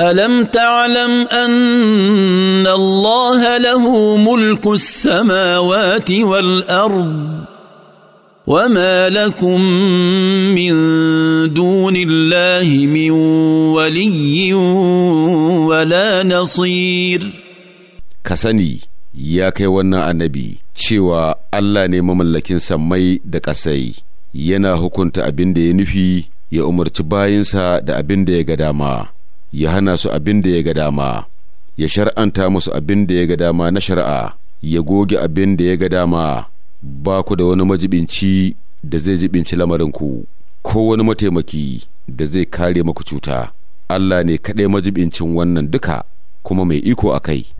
الم تعلم ان الله له ملك السماوات والارض وما لكم من دون الله من ولي ولا نصير كسني يا kai wannan annabi cewa Allah ne mamallakin sammai da ƙasai yana hukunta abin da ya nufi ya umarci bayansa da abin da ya ga dama ya hana su abin da ya ga dama ya shar'anta musu abin da ya ga dama na shari'a ya goge abin da ya ga dama ba ku da wani majibinci da zai jibinci lamarinku ko wani mataimaki da zai kare maku cuta Allah ne kaɗai majibincin wannan duka kuma mai iko a kai